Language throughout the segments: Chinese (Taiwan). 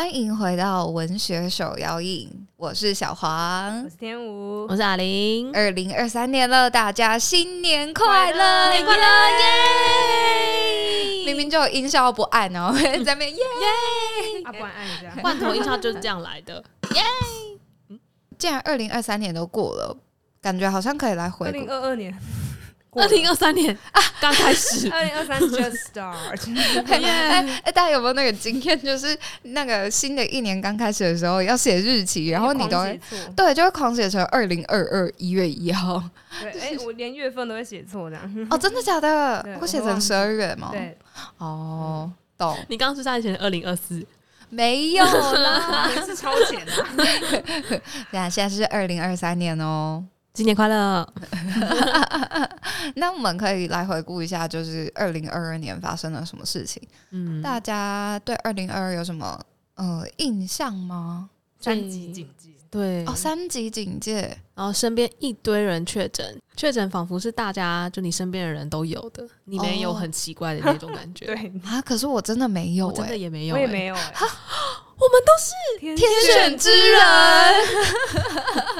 歡迎回到文學手搖飲，我是小黃，我是天吳，我是阿岺。二零二三年了，大家新年快樂，年快樂年耶！明明就有音效不按哦， 在面邊耶，阿冠、啊、按一下，換頭音效就是這樣來的 耶。嗯，既然二零二三年都過了，感覺好像可以來回顧二二年。二零二三年啊，剛開始。二零二三 just start。哎哎，大家有沒有那個經驗？就是那個新的一年剛開始的時候，要寫日期，然後你都會，對，就會狂寫成二零二二一月一號。對，哎，我連月份都會寫錯這樣。哦，真的假的？會寫成十二月嗎？對。哦，懂。你剛剛是不是還寫成二零二四？沒有啦，是超前的。對啊，現在是二零二三年哦。新年快樂！ 那我們可以來回顧一下，就是二零二二年發生了什麼事情？嗯、大家對二零二二有什麼呃印象嗎？三級警戒，對哦，三級警戒，然後身邊一堆人確診，確診仿佛是大家就你身邊的人都有的，你沒有很奇怪的那種感覺。哦、 對啊，可是我真的沒有、欸，我真的也沒有、欸，我也沒有、欸，我們都是天選之人。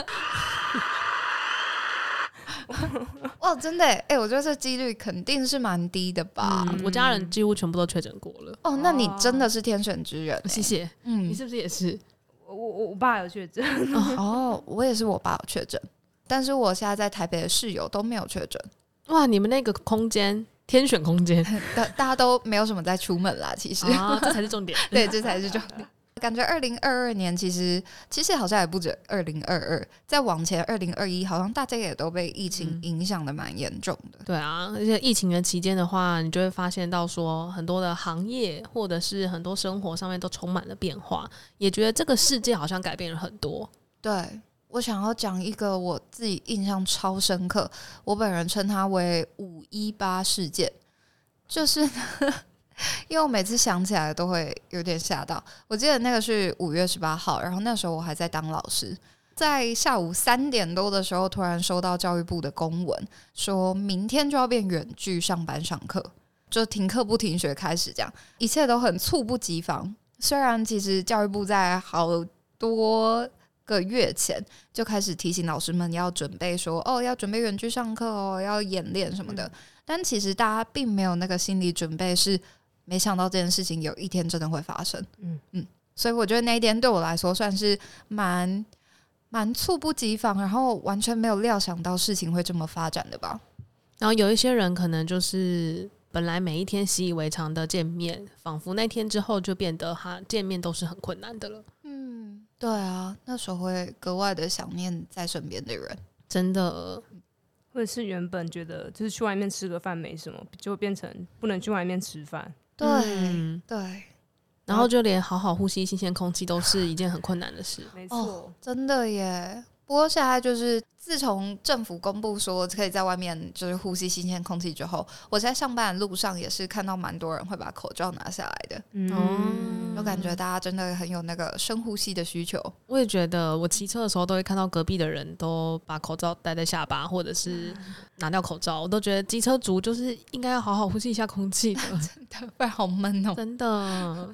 哇，真的哎、欸，我覺得這幾率肯定是蠻低的吧、嗯。我家人幾乎全部都確診過了。哦，那你真的是天選之人、哦，謝謝。嗯，你是不是也是？我我我爸有確診。哦， 哦，我也是，我爸有確診，但是我現在在台北的室友都沒有確診。哇，你們那個空間，天選空間，大 大家都沒有什麼在出門啦。其實，哦、這才是重點。 對，這才是重點。 感覺二零二二年其實其實好像也不止二零二二，再往前二零二一，好像大家也都被疫情影響得蠻嚴重的。嗯，對啊，而且疫情的期間的話，你就會發現到說很多的行業或者是很多生活上面都充滿了變化，也覺得這個世界好像改變了很多。對，我想要講一個我自己印象超深刻，我本人稱它為五一八事件，就是。 因為我每次想起來都會有點嚇到。我記得那個是五月十八號，然後那時候我還在當老師，在下午三點多的時候，突然收到教育部的公文，說明天就要變遠距上班上課，就停課不停學開始這樣，一切都很猝不及防。雖然其實教育部在好多個月前就開始提醒老師們要準備說，說哦要準備遠距上課哦，要演練什麼的，嗯，但其實大家並沒有那個心理準備是。沒想到這件事情有一天真的會發生，嗯嗯，所以我覺得那一天對我來說算是蠻蠻猝不及防，然後完全沒有料想到事情會這麼發展的吧。然後有一些人可能就是本來每一天習以為常的見面，仿佛那天之後就變得哈見面都是很困難的了。嗯，對啊，那時候會格外的想念在身邊的人，真的，或者是原本覺得就是去外面吃個飯沒什麼，就變成不能去外面吃飯。對對，嗯、對，然後就連好好呼吸新鮮空氣都是一件很困難的事。沒錯，哦，真的耶。不過現在就是自從政府公布說可以在外面就是呼吸新鮮空氣之後，我在上班的路上也是看到蠻多人會把口罩拿下來的，嗯，我、嗯嗯、感覺大家真的很有那個深呼吸的需求。我也覺得，我騎車的時候都會看到隔壁的人都把口罩戴在下巴，或者是拿掉口罩，我都覺得機車族就是應該要好好呼吸一下空氣的， 真的，不然好悶哦，真的。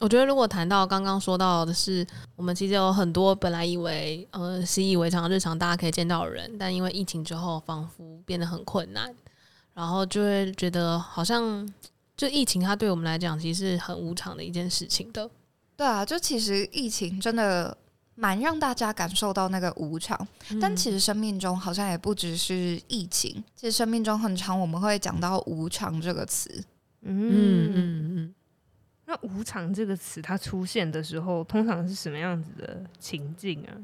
我覺得，如果談到剛剛說到的是，我們其實有很多本來以為，呃，習以為常的日常，大家可以見到的人，但因為疫情之後，仿佛變得很困難，然後就會覺得好像，就疫情它對我們來講，其實是很無常的一件事情的。對啊，就其實疫情真的蠻讓大家感受到那個無常，嗯、但其實生命中好像也不只是疫情，其實生命中很常，我們會講到無常這個詞。嗯嗯嗯。嗯嗯那“無常”這個詞，它出現的時候，通常是什麼樣子的情境啊？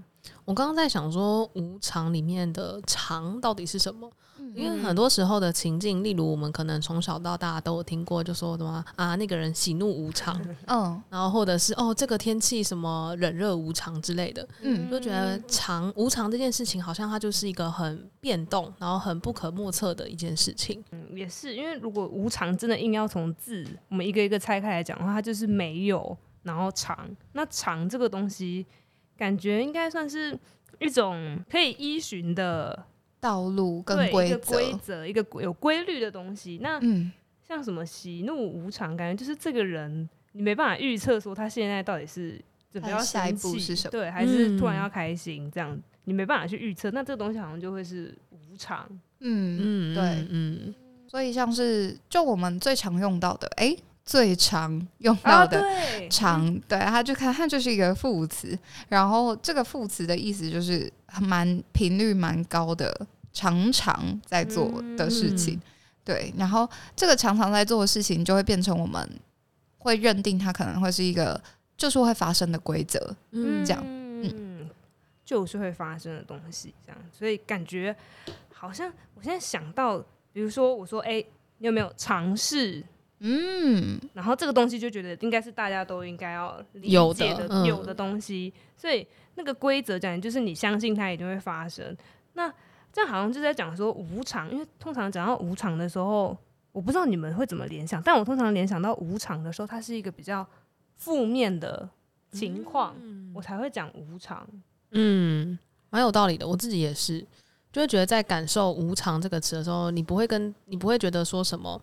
我剛剛在想說，“無常”裡面的“常”到底是什麼？因為很多時候的情境，例如我們可能從小到大都有聽過，就說什麼啊，那個人喜怒無常，嗯、哦，然後或者是哦，這個天氣什麼冷熱無常之類的，嗯，就覺得常無常這件事情好像它就是一個很變動，然後很不可莫測的一件事情。嗯，也是因為如果無常真的硬要從字我們一個一個拆開來講的話，它就是沒有，然後常，那常這個東西感覺應該算是一種可以依循的道路跟規則，一個有規律的東西。那、嗯、像什麼喜怒無常，感覺就是這個人你沒辦法預測，說他現在到底是下一步是什麼，對，還是突然要開心，嗯、這樣你沒辦法去預測。那這個東西好像就會是無常。嗯嗯，嗯對，嗯。所以像是就我們最常用到的，哎、欸，最常用到的常、啊，對，他就看，他就是一個副詞，然後這個副詞的意思就是蠻頻率蠻高的。常常在做的事情，嗯、對，然後這個常常在做的事情就會變成我們會認定它可能會是一個就是會發生的規則，嗯，這樣，嗯，就是會發生的東西，這樣，所以感覺好像我現在想到，比如說我說，哎、欸，你有沒有嘗試？嗯，然後這個東西就覺得應該是大家都應該要理解的有的、嗯、有的東西，所以那個規則講的就是你相信它一定會發生，那。這樣好像就在講說無常，因為通常講到無常的時候，我不知道你們會怎麼聯想，但我通常聯想到無常的時候，它是一個比較負面的情況，嗯，我才會講無常。嗯，蠻有道理的，我自己也是，就會覺得在感受無常這個詞的時候，你不會跟你不會覺得說什麼。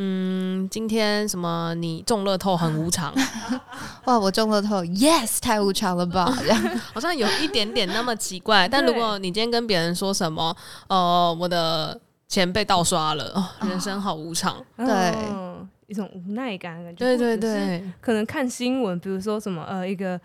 嗯，今天什麼？你中樂透很無常 哇！我中樂透 ，yes，太無常了吧？ 這樣好像有一點點那麼奇怪。 但如果你今天跟別人說什麼，對呃，我的錢被盜刷了，人生好無常，啊、對、哦，一種無奈感，感覺。對對對，可能看新聞，比如說什麼，呃，一個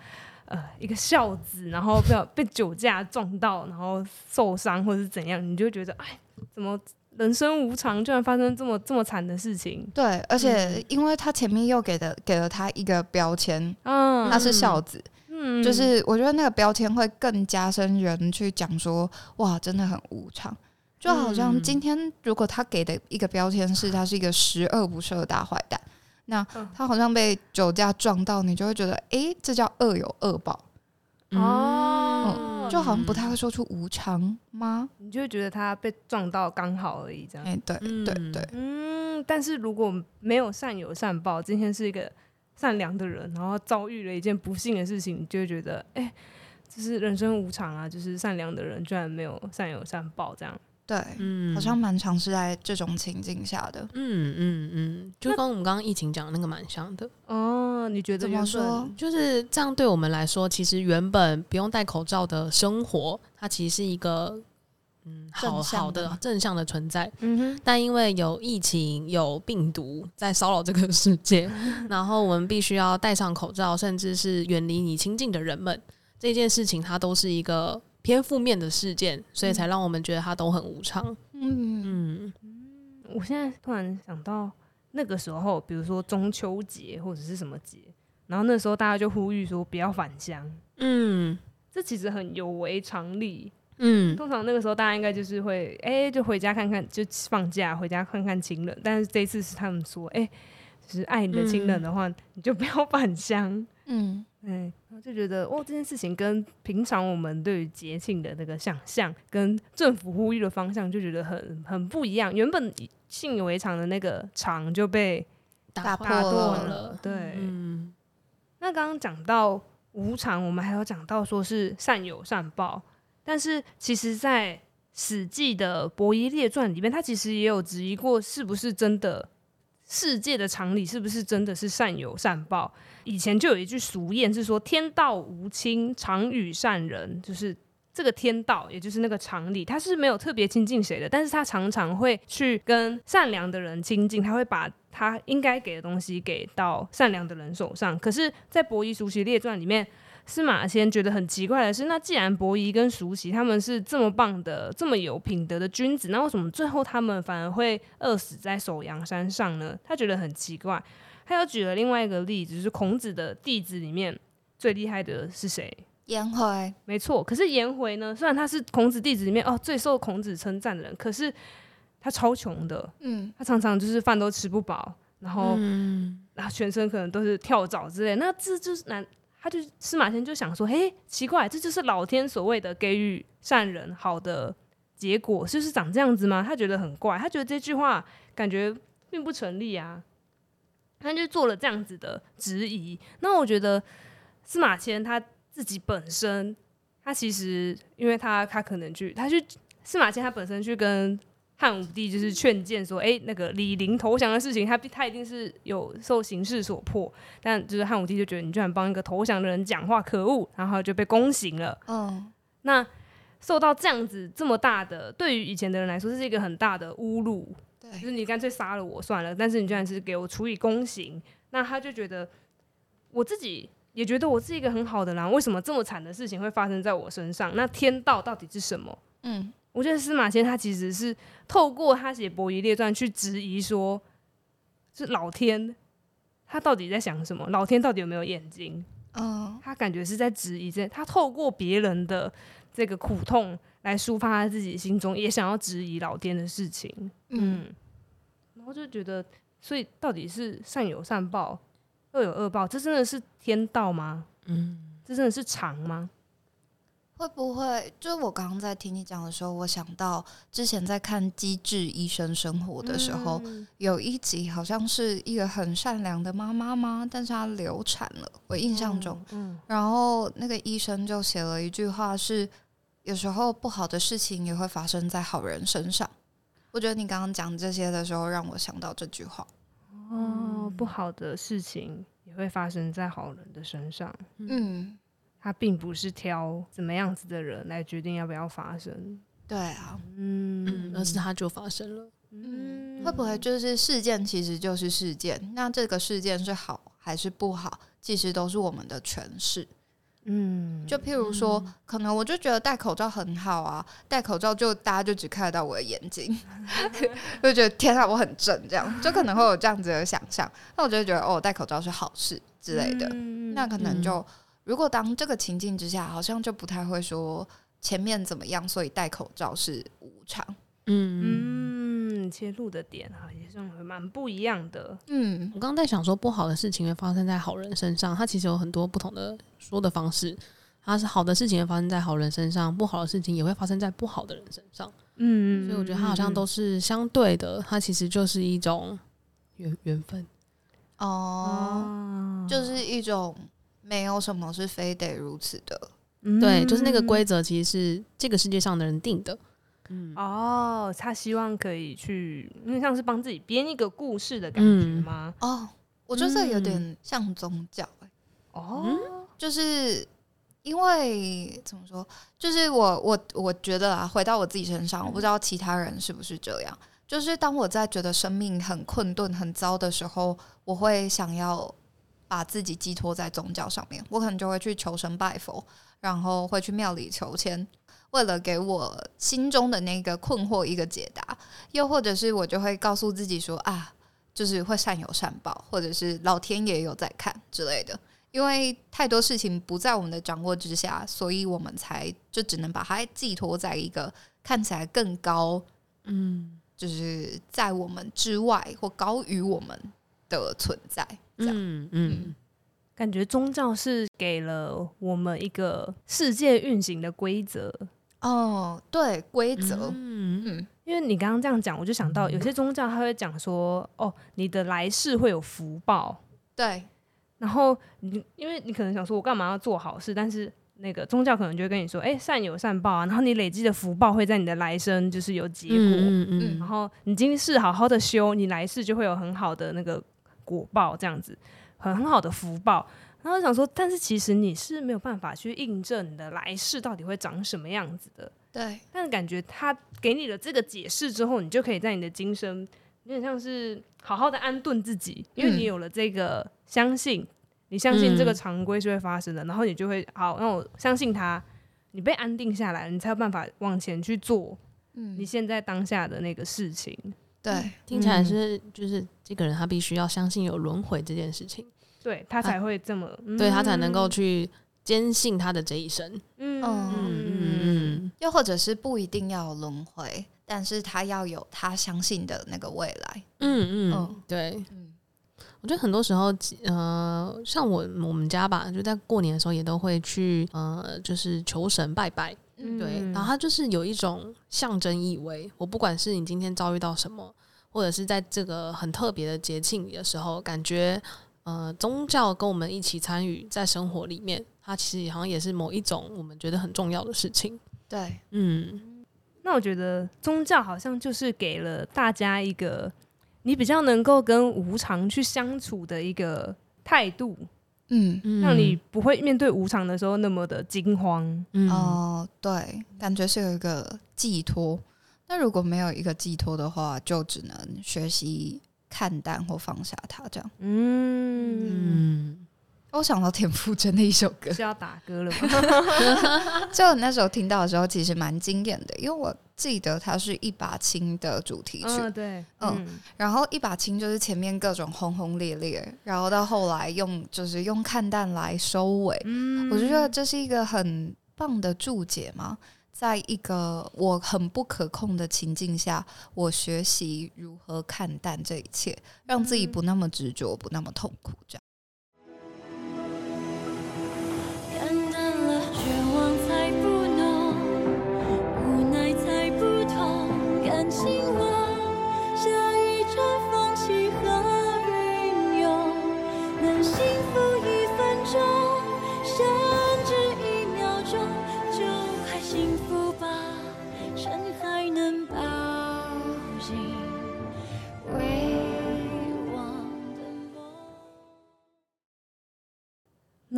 呃一個孝子，然後被被酒駕撞到，然後受傷或是怎樣，你就覺得哎，怎麼？人生無常，居然發生這麼這麼慘的事情。對，而且因為他前面又給的給了他一個標籤，嗯、他是孝子，嗯，就是我覺得那個標籤會更加深人去講說，哇，真的很無常。就好像今天，如果他給的一個標籤是他是一個十惡不赦的大壞蛋，那他好像被酒駕撞到，你就會覺得，哎、欸，這叫惡有惡報，哦、嗯。嗯就好像不太會說出無常嗎？你就會覺得他被撞到剛好而已，這樣。對對、欸、對，對對，嗯。但是如果沒有善有善報，今天是一個善良的人，然後遭遇了一件不幸的事情，你就會覺得，哎、欸，這是人生無常啊！就是善良的人居然沒有善有善報，這樣。對，嗯，好像蠻常是在這種情境下的，嗯嗯嗯，就跟我們剛剛疫情講的那個蠻像的。哦，你覺得怎麼說？就是這樣，對我們來說，其實原本不用戴口罩的生活，它其實是一個嗯好好的正向的，正向的存在。嗯哼。但因為有疫情，有病毒在騷擾這個世界， 然後我們必須要戴上口罩，甚至是遠離你親近的人們，這件事情，它都是一個。偏負面的事件，所以才讓我們覺得他都很無常。嗯，嗯，我現在突然想到那個時候，比如說中秋節或者是什麼節，然後那時候大家就呼籲說不要返鄉。嗯，這其實很有違常理。嗯，通常那個時候大家應該就是會，哎、欸，就回家看看，就放假回家看看親人。但是這次是他們說，哎、欸，就是愛你的親人的話，嗯，你就不要返鄉。嗯。嗯，我、欸、就覺得，哦，這件事情跟平常我們對於節慶的那個想象，跟政府呼籲的方向，就覺得很很不一樣。原本信以為常的那個常就被打破了。破了對，嗯、那剛剛講到無常，我們還有講到說是善有善報，但是其實在《史記》的伯夷列傳裡面，他其實也有質疑過是不是真的。世界的常理是不是真的是善有善報？以前就有一句俗諺是說“天道無親，常與善人”，就是這個天道，也就是那個常理，他是沒有特別親近誰的，但是他常常會去跟善良的人親近，他會把他應該給的東西給到善良的人手上。可是，在《伯夷叔齊列傳》裡面。司馬遷覺得很奇怪的是，那既然伯夷跟叔齊他們是這麼棒的、這麼有品德的君子，那為什麼最後他們反而會餓死在首陽山上呢？他覺得很奇怪。他又舉了另外一個例子，就是孔子的弟子裡面最厲害的是誰？顏回。沒錯。可是顏回呢，雖然他是孔子弟子裡面哦最受孔子稱讚的人，可是他超窮的。嗯。他常常就是飯都吃不飽，然後、嗯、然後全身可能都是跳蚤之類。那這就是難。他就司馬遷就想說，哎、欸，奇怪，這就是老天所謂的給予善人好的結果，就是，是長這樣子嗎？他覺得很怪，他覺得這句話感覺並不成立啊。他就做了這樣子的質疑。那我覺得司馬遷他自己本身，他其實因為他他可能去，他去司馬遷他本身去跟。漢武帝就是勸諫說：“哎、欸，那個李陵投降的事情，他他一定是有受形勢所迫。但就是漢武帝就覺得你居然幫一個投降的人講話，可惡！然後就被宮刑了。嗯，那受到這樣子這麼大的，對於以前的人來說，是一個很大的侮辱。對，就是你乾脆殺了我算了。但是你居然是給我處以宮刑，那他就覺得我自己也覺得我是一個很好的人，為什麼這麼慘的事情會發生在我身上？那天道到底是什麼？嗯。”我覺得司馬遷他其實是透過他寫《伯夷列傳》去質疑說，是老天，他到底在想什麼？老天到底有沒有眼睛？Oh. 他感覺是在質疑這，他透過別人的這個苦痛來抒發他自己心中也想要質疑老天的事情。嗯，嗯，然後就覺得，所以到底是善有善報，惡有惡報？這真的是天道嗎？嗯，這真的是常嗎？會不會？就我剛剛在聽你講的時候，我想到之前在看《機智醫生生活》的時候，嗯，有一集好像是一個很善良的媽媽嗎？但是她流產了。我印象中，嗯，嗯，然後那個醫生就寫了一句話是：“有時候不好的事情也會發生在好人身上。”我覺得你剛剛講這些的時候，讓我想到這句話。哦，不好的事情也會發生在好人的身上。嗯。他並不是挑怎麼樣子的人來決定要不要發生，對啊，嗯，而是他就發生了，嗯，嗯，會不會就是事件其實就是事件，那這個事件是好還是不好，其實都是我們的詮釋，嗯，就譬如說，可能我就覺得戴口罩很好啊，戴口罩就大家就只看得到我的眼睛。 就覺得天啊，我很正這樣，就可能會有這樣子的想象那我就覺得哦，戴口罩是好事之類的，嗯，那可能就。嗯如果當這個情境之下，好像就不太會說前面怎麼樣，所以戴口罩是無常。嗯，切入、嗯、的點啊，好像也是蠻不一樣的。嗯，我剛剛在想說，不好的事情會發生在好人身上，它其實有很多不同的說的方式。它是好的事情會發生在好人身上，不好的事情也會發生在不好的人身上。嗯，所以我覺得它好像都是相對的，嗯、它其實就是一種緣緣分哦，哦就是一種。沒有什麼是非得如此的，嗯、對，就是那個規則其實是這個世界上的人定的。嗯，哦，oh, 他希望可以去，因為像是幫自己編一個故事的感覺嗎？哦、嗯，oh, 我覺得這有點像宗教，欸。哦、嗯，就是因為怎麼說，就是我我我覺得啊，回到我自己身上，我不知道其他人是不是這樣。就是當我在覺得生命很困頓、很糟的時候，我會想要。把自己寄託在宗教上面，我可能就會去求神拜佛，然後會去廟裡求籤，為了給我心中的那個困惑一個解答。又或者是我就會告訴自己說啊，就是會善有善報，或者是老天爺有在看之類的。因為太多事情不在我們的掌握之下，所以我們才就只能把它寄託在一個看起來更高，嗯，就是在我們之外或高於我們的存在。嗯嗯，嗯，感覺宗教是給了我們一個世界運行的規則哦，對規則，嗯嗯，嗯嗯嗯，因為你剛剛這樣講，我就想到有些宗教他會講說，嗯、哦，你的來世會有福報，對，然後你因為你可能想說我幹嘛要做好事，但是那個宗教可能就會跟你說，哎，善有善報啊，然後你累積的福報會在你的來生就是有結果，嗯嗯，嗯嗯，然後你今世好好的修，你來世就會有很好的那個。果報這樣子，很很好的福報。然後想說，但是其實你是沒有辦法去印證你的，來世到底會長什麼樣子的。對。但是感覺他給你的這個解釋之後，你就可以在你的今生，有點像是好好的安頓自己，因為你有了這個、嗯、相信，你相信這個常規是會發生的，嗯、然後你就會好讓我相信他，你被安定下來，你才有辦法往前去做，你現在當下的那個事情。對，聽起來是就是這個人他必須要相信有輪迴這件事情，對，他才會這麼，對，他才能夠去堅信他的這一生。嗯嗯嗯，又或者是不一定要輪迴，但是他要有他相信的那個未來。嗯嗯，對。嗯，我覺得很多時候，呃，像我我們家吧，就在過年的時候也都會去，呃，就是求神拜拜。嗯、對，然後它就是有一種象徵意味。我不管是你今天遭遇到什麼，或者是在這個很特別的節慶的時候，感覺呃，宗教跟我們一起參與在生活裡面，它其實好像也是某一種我們覺得很重要的事情。對，嗯，那我覺得宗教好像就是給了大家一個你比較能夠跟無常去相處的一個態度。嗯，讓你不會面對無常的時候那麼的驚慌。哦、嗯嗯呃，對，感覺是有一個寄託。那如果沒有一個寄託的話，就只能學習看淡或放下它這樣。嗯。嗯我想到田馥甄的一首歌，是要打歌了嗎？ 就你那時候聽到的時候，其實蠻驚艷的，因為我記得它是一把青的主題曲。哦、對，嗯，嗯，然後一把青就是前面各種轟轟烈烈，然後到後來用就是用看淡來收尾。嗯，我就覺得這是一個很棒的注解嘛，在一個我很不可控的情境下，我學習如何看淡這一切，讓自己不那麼執着，不那麼痛苦，這樣。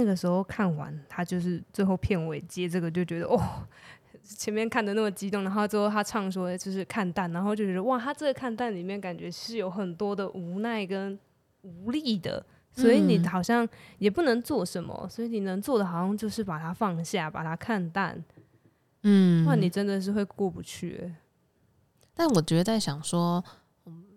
那個時候看完，他就是最後片尾接這個，就覺得哦，前面看的那麼激動，然後最後他唱說就是看淡，然後就覺得哇，他這個看淡裡面感覺是有很多的無奈跟無力的，所以你好像也不能做什麼，嗯、所以你能做的好像就是把它放下，把它看淡，嗯，那你真的是會過不去，欸。但我覺得在想說，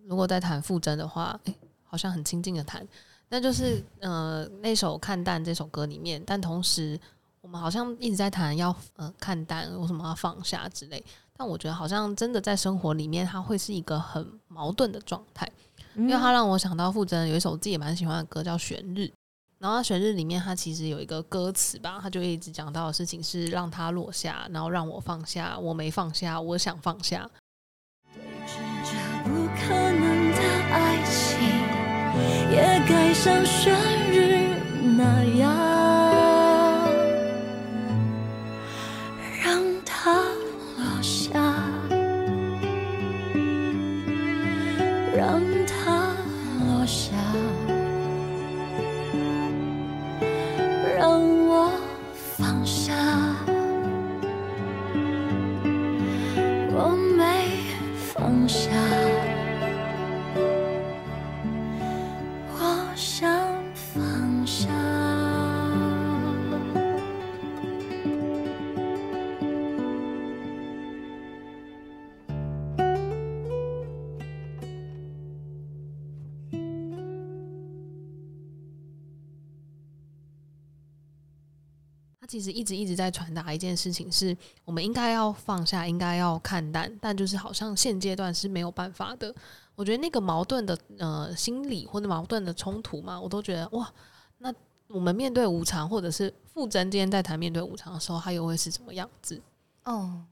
如果在談馥甄的話，欸，好像很親近的談。那就是呃，那首《看淡》這首歌裡面，但同時我們好像一直在談要呃看淡，為什麼要放下之類。但我覺得好像真的在生活裡面，它會是一個很矛盾的狀態，嗯，因為它讓我想到馥甄有一首我自己也蠻喜歡的歌叫《懸日》，然後《懸日》裡面它其實有一個歌詞吧，他就一直講到的事情是讓他落下，然後讓我放下，我沒放下，我想放下。對不可能也該像旭日那樣。一直一直一直在傳達一件事情，是我們應該要放下，應該要看淡，但就是好像現階段是沒有辦法的。我覺得那個矛盾的呃心理，或者矛盾的衝突嘛，我都覺得哇，那我們面對無常，或者是馥甄今天在談面對無常的時候，他又會是什麼樣子？哦，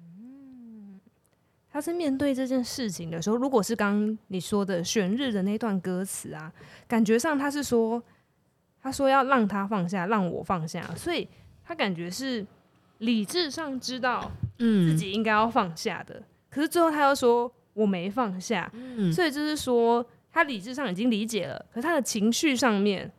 嗯，他是面對這件事情的時候，如果是剛你說的《懸日》的那段歌詞啊，感覺上他是說。他說要讓他放下，讓我放下，所以他感覺是理智上知道，嗯，自己應該要放下的。嗯、可是最後他又說我沒放下，嗯、所以就是說他理智上已經理解了，可是他的情緒上面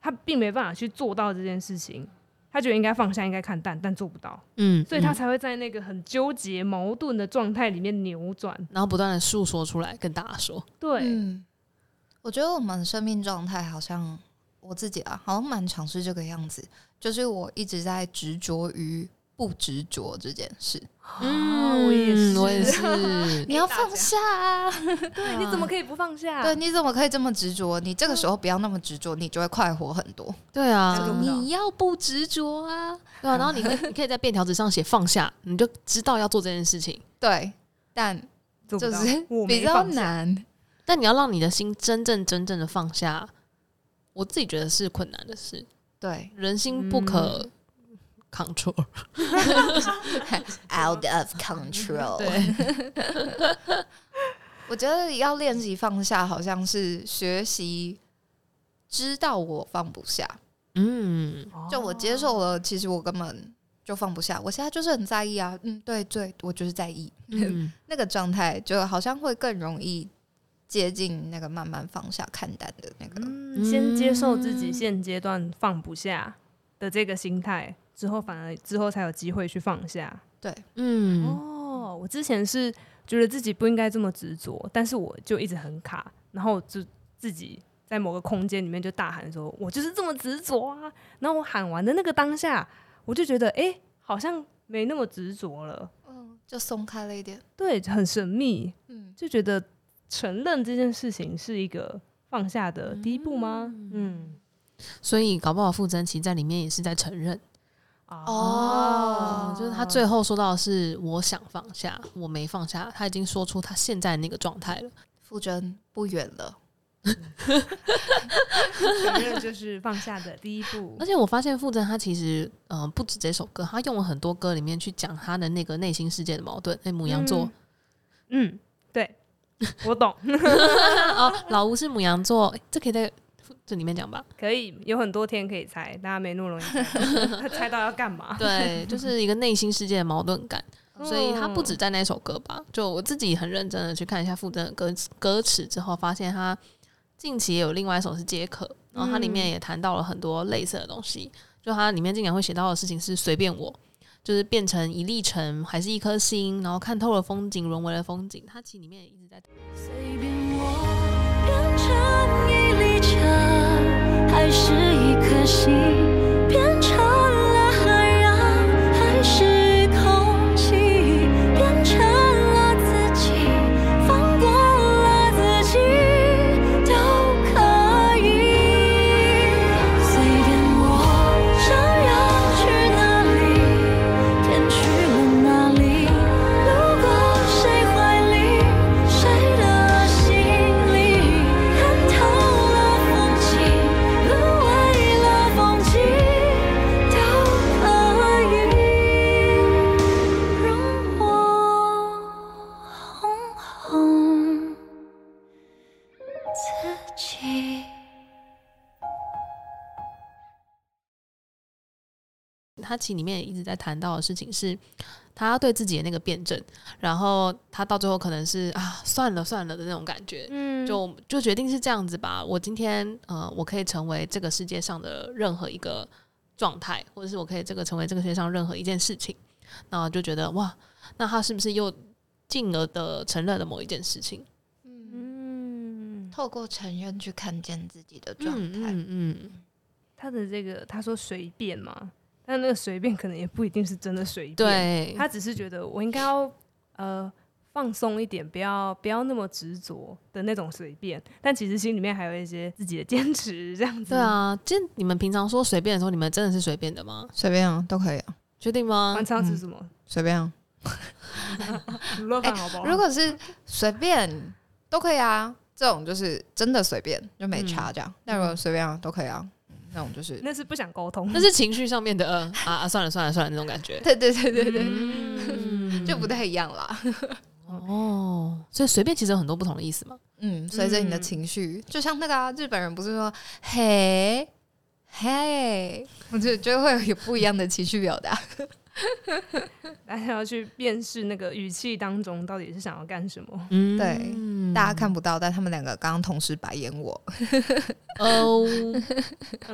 他並沒辦法去做到這件事情。他覺得應該放下，應該看淡，但做不到，嗯，嗯，所以他才會在那個很糾結、矛盾的狀態裡面扭轉，然後不斷的訴說出來跟大家說。對、嗯，我覺得我們的生命狀態好像。我自己啊，好像蠻常是這個樣子，就是我一直在執着於不執着這件事。嗯，哦、也是我也是。 你要放下，啊， 對，啊、你怎麼可以不放下？對，你怎麼可以這麼執着？你這個時候不要那麼執着，你就會快活很多。對啊，你要不執着啊。對啊，然後你可你可以在便條紙上寫放下， 你就知道要做這件事情。對，但就是比較難。但你要讓你的心真正真正的放下。我自己覺得是困難的事，對，人心不可 control，out of control。對 我覺得要練習放下，好像是學習知道我放不下。嗯，就我接受了，其實我根本就放不下。我現在就是很在意啊，嗯，對，對我就是在意，嗯、 那個狀態就好像會更容易。接近那個慢慢放下、看淡的那個、嗯，先接受自己現階段放不下的這個心態，之後反而之後才有機會去放下。對，嗯，哦，我之前是覺得自己不應該這麼執着，但是我就一直很卡，然後就自己在某個空間裡面就大喊說：“我就是這麼執着啊！”然後我喊完的那個當下，我就覺得，哎、欸，好像沒那麼執着了，嗯，就鬆開了一點。對，很神秘，嗯，就覺得。嗯承認這件事情是一個放下的第一步嗎？嗯，嗯，所以搞不好馥甄其實在裡面也是在承認哦，哦，就是他最後說到的是我想放下，我沒放下，他已經說出他現在那個狀態了。馥甄不遠了， 承認就是放下的第一步。而且我發現馥甄他其實嗯、呃、不止這首歌，他用了很多歌裡面去講他的那個內心世界的矛盾。那牡羊座，嗯。嗯我懂 哦，老吳是牡羊座，欸，這可以在這裡面講吧？可以，有很多天可以猜，大家沒那麼容易猜， 他猜到要幹嘛。對，就是一個內心世界的矛盾感，嗯、所以他不止在那首歌吧。就我自己很認真的去看一下馥甄的歌詞，歌詞之後發現他近期也有另外一首是《傑克》，嗯、然後它裡面也談到了很多類似的東西，就它裡面竟然會寫到的事情是隨便我。就是變成一粒塵，還是一顆星，然後看透了風景，融為了風景。它其實裡面也一直在。 他其實裡面一直在談到的事情是，他對自己的那個辯證，然後他到最後可能是啊算了算了的那種感覺，嗯、就就決定是這樣子吧。我今天呃，我可以成為這個世界上的任何一個狀態，或者是我可以這個成為這個世界上任何一件事情。那我就覺得哇，那他是不是又進而的承認了某一件事情？嗯，透過承認去看見自己的狀態、嗯嗯。嗯，他的這個他說隨便嗎？但那個隨便可能也不一定是真的隨便，對他只是覺得我應該要呃放鬆一點，不要不要那麼執着的那種隨便。但其實心裡面還有一些自己的堅持，這樣子。對啊，就你們平常說隨便的時候，你們真的是隨便的嗎？隨便啊，都可以啊。確定嗎？晚餐吃什麼？隨、嗯、便啊。亂 好不好？欸、如果是隨便都可以啊，這種就是真的隨便就沒差這樣。那、嗯、如果隨便啊都可以啊。那種就是那是不想溝通，那是情緒上面的、呃、 啊啊算了算了算了那種感覺，對對對對對，嗯、 就不太一樣啦。 哦，所以隨便其實有很多不同的意思嘛。嗯，隨着你的情緒，嗯、就像那個、啊、日本人不是說、嗯、嘿嘿，我覺得就會有不一樣的情緒表達。 大家要去辨識那個語氣當中到底是想要幹什麼？嗯、對，大家看不到，但他們兩個剛剛同時白眼我。哦，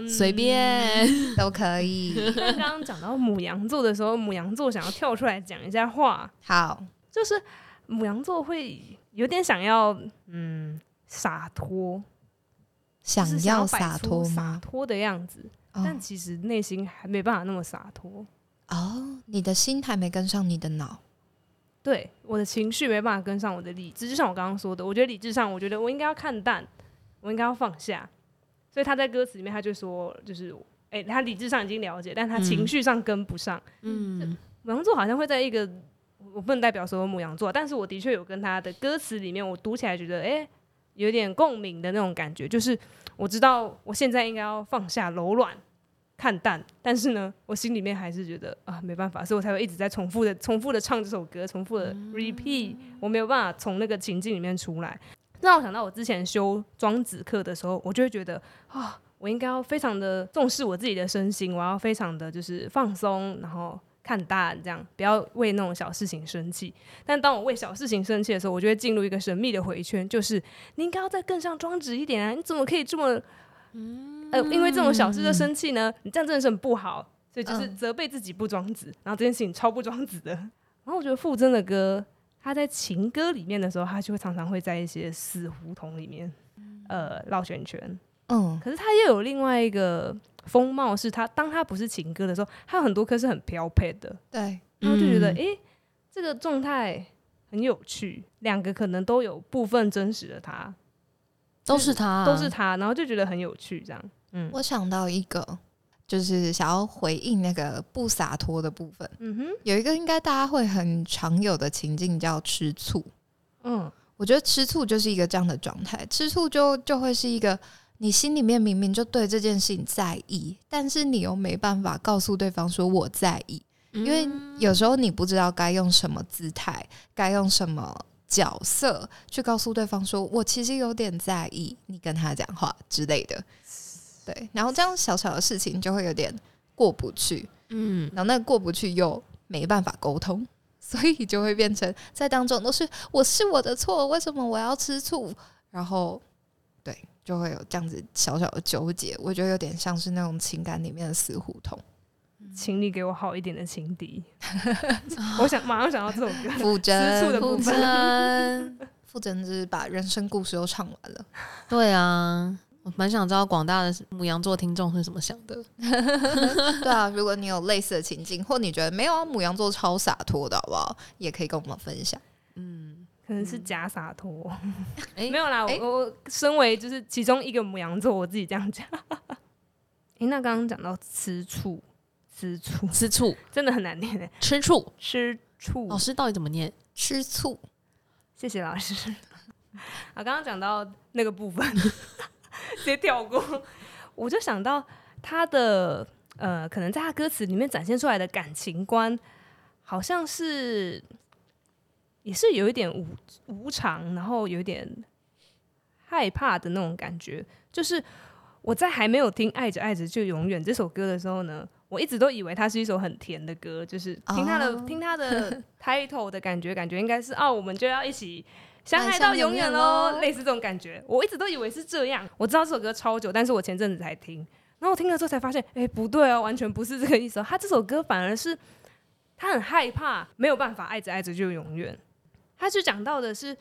隨便都可以。但剛剛講到牡羊座的時候，牡羊座想要跳出來講一下話。好、嗯，就是牡羊座會有點想要嗯灑脫，想要灑脫嗎？灑脫的樣子，哦、但其實內心還沒辦法那麼灑脫。哦，oh, 你的心還沒跟上你的腦，對，我的情緒沒辦法跟上我的理智，就像我剛剛說的，我覺得理智上，我覺得我應該要看淡，我應該要放下，所以他在歌詞裡面他就說，就是，哎、欸，他理智上已經了解，但他情緒上跟不上。嗯，摩羯座好像會在一個，我不能代表所有母羊座，但是我的確有跟他的歌詞裡面，我讀起來覺得，哎、欸，有點共鳴的那種感覺，就是我知道我現在應該要放下柔軟。看淡，但是呢，我心裡面還是覺得啊，沒辦法，所以我才會一直在重複的、重複的唱這首歌，重複的 repeat，我沒有辦法從那個情境裡面出來。讓我想到我之前修莊子課的時候，我就會覺得啊、哦，我應該要非常的重視我自己的身心，我要非常的就是放鬆，然後看淡，這樣不要為那種小事情生氣。但當我為小事情生氣的時候，我就會進入一個神秘的回圈，就是你應該要再更像莊子一點啊，你怎麼可以這麼……嗯。嗯、呃，因為這種小事就生氣呢，嗯、你這樣真的是很不好。所以就是責備自己不莊子，嗯、然後這件事情超不莊子的。然後我覺得馥甄的歌，他在情歌裡面的時候，他就會常常會在一些死胡同裡面，呃，繞圈圈。嗯，可是他又有另外一個風貌，是他當他不是情歌的時候，他有很多歌是很飄配的。對，然後就覺得，哎、嗯欸，這個狀態很有趣。兩個可能都有部分真實的他，都是他、啊，都是他，然後就覺得很有趣，這樣。嗯，我想到一個，就是想要回應那個不灑脫的部分。嗯哼，有一個應該大家會很常有的情境叫吃醋。嗯，我覺得吃醋就是一個這樣的狀態。吃醋就就會是一個，你心裡面明明就對這件事情在意，但是你又沒辦法告訴對方說我在意，嗯，因為有時候你不知道該用什麼姿態、該用什麼角色去告訴對方說我其實有點在意你跟他講話之類的。對，然後這樣小小的事情就會有點過不去，嗯，然後那過不去又沒辦法溝通，所以就會變成在當中都是我是我的錯，為什麼我要吃醋？然後對，就會有這樣子小小的糾結，我覺得有點像是那種情感裡面的死胡同。嗯、請你給我好一點的情敵， 我想馬上想到這首歌。馥 甄、馥甄，馥 甄就是把人生故事都唱完了。 對啊。蠻想知道廣大的牡羊座聽眾是怎麼想的。 對啊，如果你有類似的情境，或你覺得沒有啊，牡羊座超灑脫的好不好？也可以跟我們分享。嗯，可能是假灑脫。嗯、 沒有啦，我、欸、我身為就是其中一個牡羊座，我自己這樣講。哎、 欸，那剛剛講到吃醋，吃醋，吃醋，真的很難念。吃醋，吃醋，老師到底怎麼念？吃醋，謝謝老師。啊， 剛剛講到那個部分。 直接跳過，我就想到他的呃，可能在他歌詞裡面展現出來的感情觀，好像是也是有一點無無常，然後有一點害怕的那種感覺。就是我在還沒有聽《愛着愛着就永遠》這首歌的時候呢，我一直都以為它是一首很甜的歌，就是聽他的聽他的 title 的感覺，感覺應該是啊，我們就要一起。相愛到永遠嘍，類似這種感覺，我一直都以為是這樣。我知道這首歌超久，但是我前陣子才聽，然後我聽了之後才發現，哎，不對哦，完全不是這個意思哦。他這首歌反而是他很害怕，沒有辦法愛着愛着就永遠。他就講到的是，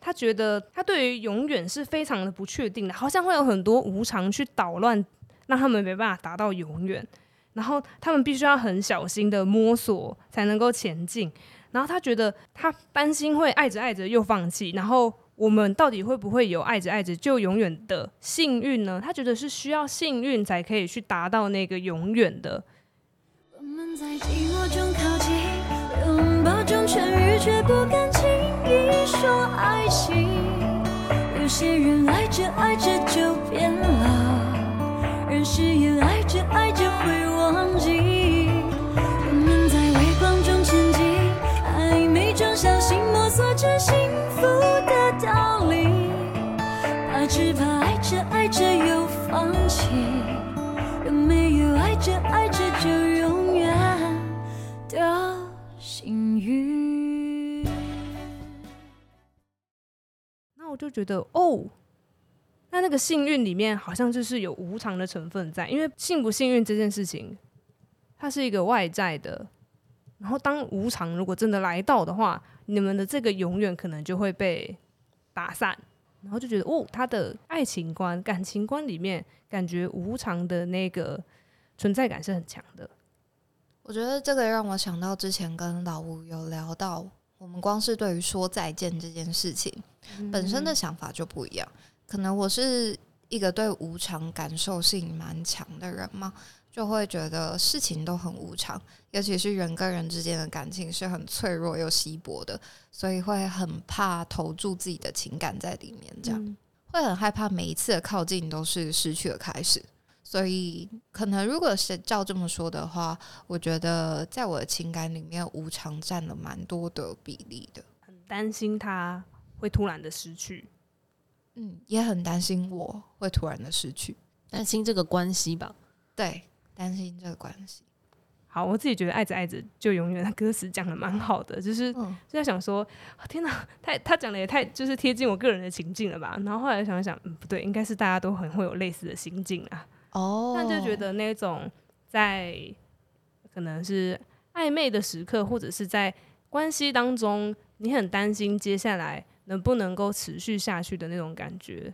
他覺得他對於永遠是非常的不確定的，好像會有很多無常去搗亂，讓他們沒辦法達到永遠，然後他們必須要很小心的摸索才能夠前進。然後他覺得，他擔心會愛着愛着又放棄。然後我們到底會不會有愛着愛着就永遠的幸運呢？他覺得是需要幸運才可以去達到那個永遠的。我們 在寂寞中靠近，擁抱中痊癒，卻不敢輕易說愛情。有些人愛着愛着就變了，有些人是也愛着愛着會忘記。這幸福的道理，怕只怕愛着愛着又放棄，有沒有愛着愛着就永遠的幸運？那我就覺得，哦，那那個幸運裡面好像就是有無常的成分在，因為幸不幸運這件事情，它是一個外在的。然後，當無常如果真的來到的話，你們的這個永遠可能就會被打散，然後就覺得，哦，他的愛情觀、感情觀裡面，感覺無常的那個存在感是很強的。我覺得這個讓我想到之前跟老吳有聊到，我們光是對於說再見這件事情、嗯、本身的想法就不一樣。可能我是一個對無常感受性蠻強的人嘛。就會覺得事情都很無常，尤其是人跟人之間的感情是很脆弱又稀薄的，所以會很怕投注自己的情感在裡面，這樣、嗯、會很害怕每一次的靠近都是失去的開始。所以，可能如果是照這麼說的話，我覺得在我的情感裡面，無常占了蠻多的比例的。很擔心他會突然的失去，嗯，也很擔心我會突然的失去，擔心這個關係吧，對。擔心這個關係，好，我自己覺得愛着愛着就永遠。他歌詞講的蠻好的，就是、嗯、就在想說，哦、天吶，太他講的也太就是貼近我個人的情境了吧？然後後來想想，嗯，不對，應該是大家都很會有類似的心境啊。哦，那就覺得那種在可能是曖昧的時刻，或者是在關係當中，你很擔心接下來能不能夠持續下去的那種感覺，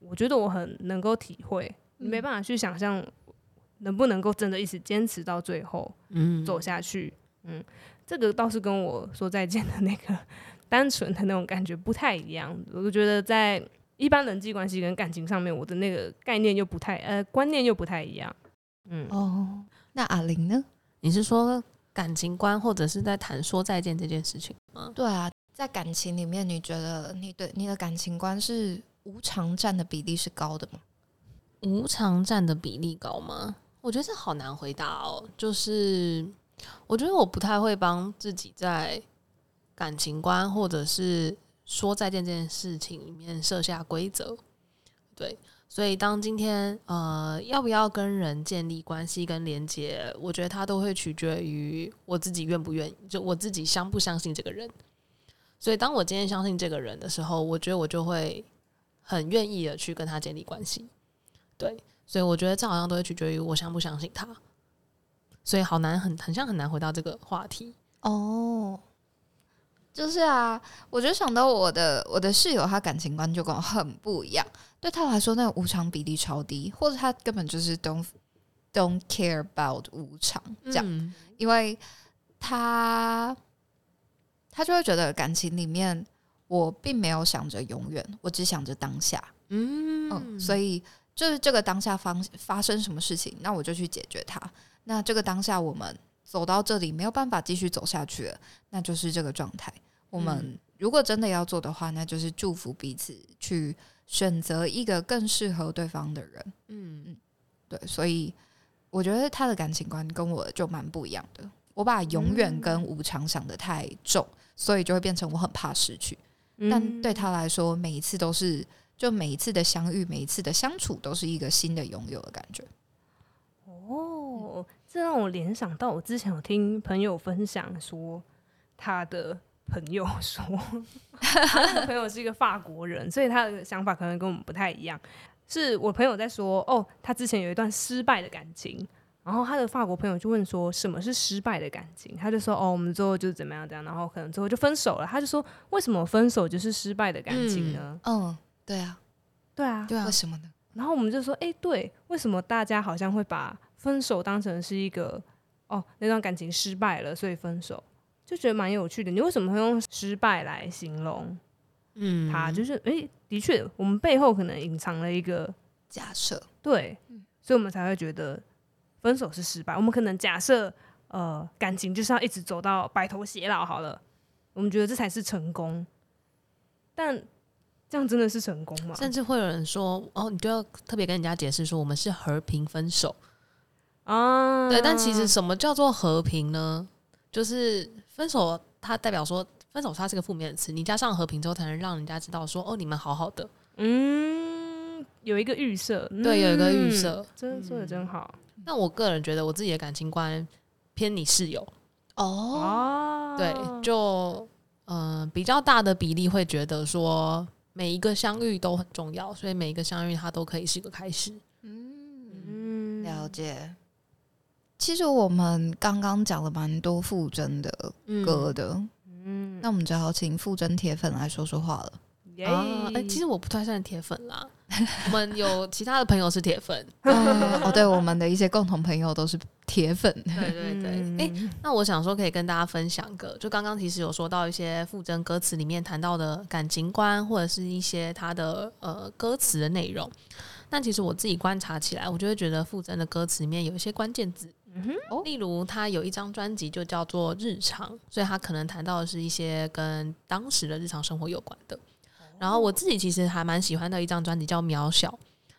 我覺得我很能夠體會，你沒辦法去想象。能不能夠真的一直堅持到最後，嗯，走下去，嗯、嗯，這個倒是跟我說再見的那個單純的那種感覺不太一樣。我覺得在一般人際關係跟感情上面，我的那個概念又不太、呃，觀念又不太一樣。嗯，哦，那阿玲呢？你是說感情觀，或者是在談說再見這件事情嗎？對啊，在感情裡面，你覺得你對你的感情觀是無常佔的比例是高的嗎？無常佔的比例高嗎？我覺得這好難回答哦、喔。就是我覺得我不太會幫自己在感情觀或者是說再見這件事情裡面設下規則。對，所以當今天呃要不要跟人建立關係跟連結，我覺得它都會取決於我自己願不願意，就我自己相不相信這個人。所以當我今天相信這個人的時候，我覺得我就會很願意的去跟他建立關係。對。所以我覺得這好像都會取決於我相不相信他，所以好難，很很像很難回到這個話題哦。Oh, 就是啊，我就想到我的我的室友，他感情觀就跟我很不一樣。對他來說，那個無常比例超低，或者他根本就是 don't don't care about 無常。這樣，嗯、因為他他就會覺得感情裡面我並沒有想着永遠，我只想着當下。嗯,嗯，所以。就是這個當下，方發生什麼事情，那我就去解決它。那這個當下，我們走到這裡沒有辦法繼續走下去了，那就是這個狀態。我們如果真的要做的話，那就是祝福彼此，去選擇一個更適合對方的人。嗯嗯，對。所以我覺得他的感情觀跟我就蠻不一樣的。我把永遠跟無常想得太重，所以就會變成我很怕失去。但對他來說，每一次都是。就每一次的相遇，每一次的相處，都是一個新的擁有的感覺。哦，這讓我聯想到，我之前有聽朋友分享說，他的朋友說，他的、 啊那個、朋友是一個法國人，所以他的想法可能跟我們不太一樣。是我朋友在說，哦，他之前有一段失敗的感情，然後他的法國朋友就問說，什麼是失敗的感情？他就說，哦，我們最後就怎麼樣，怎樣，然後可能最後就分手了。他就說，為什麼分手就是失敗的感情呢？嗯。嗯對啊，對啊，對啊，為什麼呢？然後我們就說，哎，對，為什麼大家好像會把分手當成是一個哦，那段感情失敗了，所以分手，就覺得蠻有趣的。你為什麼會用失敗來形容？嗯，他就是，哎，的確，我們背後可能隱藏了一個假設，對，嗯、所以我們才會覺得分手是失敗。我們可能假設，呃，感情就是要一直走到白頭偕老好了，我們覺得這才是成功，但。這樣真的是成功嗎？甚至會有人說：“哦，你就要特別跟人家解釋說，我們是和平分手啊。”對，但其實什麼叫做和平呢？就是分手，它代表說分手，它是個負面詞。你加上和平之後，才能讓人家知道說：“哦，你們好好的。”嗯，有一個預設，對，有一個預設，真的、嗯、說的真好、嗯。但我個人覺得，我自己的感情觀偏你室友哦，啊、對，就嗯、呃，比較大的比例會覺得說。每一個相遇都很重要，所以每一個相遇它都可以是一個開始。嗯，嗯，了解。其實我們剛剛講了蠻多馥甄的歌的，嗯，那我們只好請馥甄鐵粉來說說話了。哎 Yeah、啊，欸，其實我不太算鐵粉啦。 我們有其他的朋友是鐵粉 呃、哦，對，我們的一些共同朋友都是鐵粉。 對對對，哎、嗯欸，那我想說可以跟大家分享個，就剛剛其實有說到一些馥甄歌詞裡面談到的感情觀，或者是一些他的呃歌詞的內容。但其實我自己觀察起來，我就會覺得馥甄的歌詞裡面有一些關鍵字，嗯、哼例如他有一張專輯就叫做《日常》，所以他可能談到的是一些跟當時的日常生活有關的。然後我自己其實還蠻喜歡的一張專輯叫《渺小》，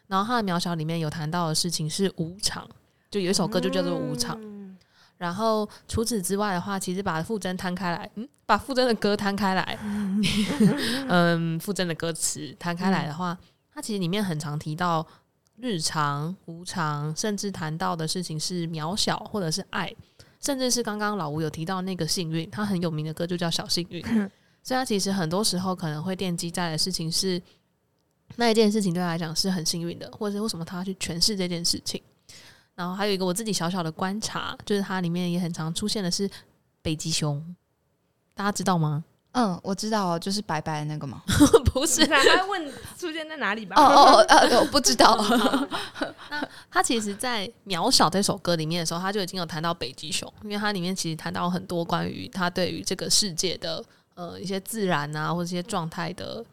然後他的《渺小》裡面有談到的事情是無常，就有一首歌就叫做《無常》。嗯、然後除此之外的話，其實把馥甄攤開來，嗯，把馥甄的歌攤開來，嗯，馥甄、 嗯、的歌詞攤開來的話，嗯、他其實裡面很常提到日常、無常，甚至談到的事情是渺小或者是愛，甚至是剛剛老吳有提到那個幸運，他很有名的歌就叫《小幸運》。嗯所以，他其實很多時候可能會惦記在的事情是那一件事情，對他來講是很幸運的，或者是為什麼他要去詮釋這件事情？然後還有一個我自己小小的觀察，就是它裡面也很常出現的是北極熊，大家知道嗎？嗯，我知道、哦，就是白白的那個嗎？ 不是、啊，他問出現在哪裡吧？ 哦哦哦、啊，我不知道。 那他其實，在《渺小》這首歌裡面的時候，他就已經有談到北極熊，因為它裡面其實談到很多關於他對於這個世界的。呃，一些自然啊，或者一些狀態的，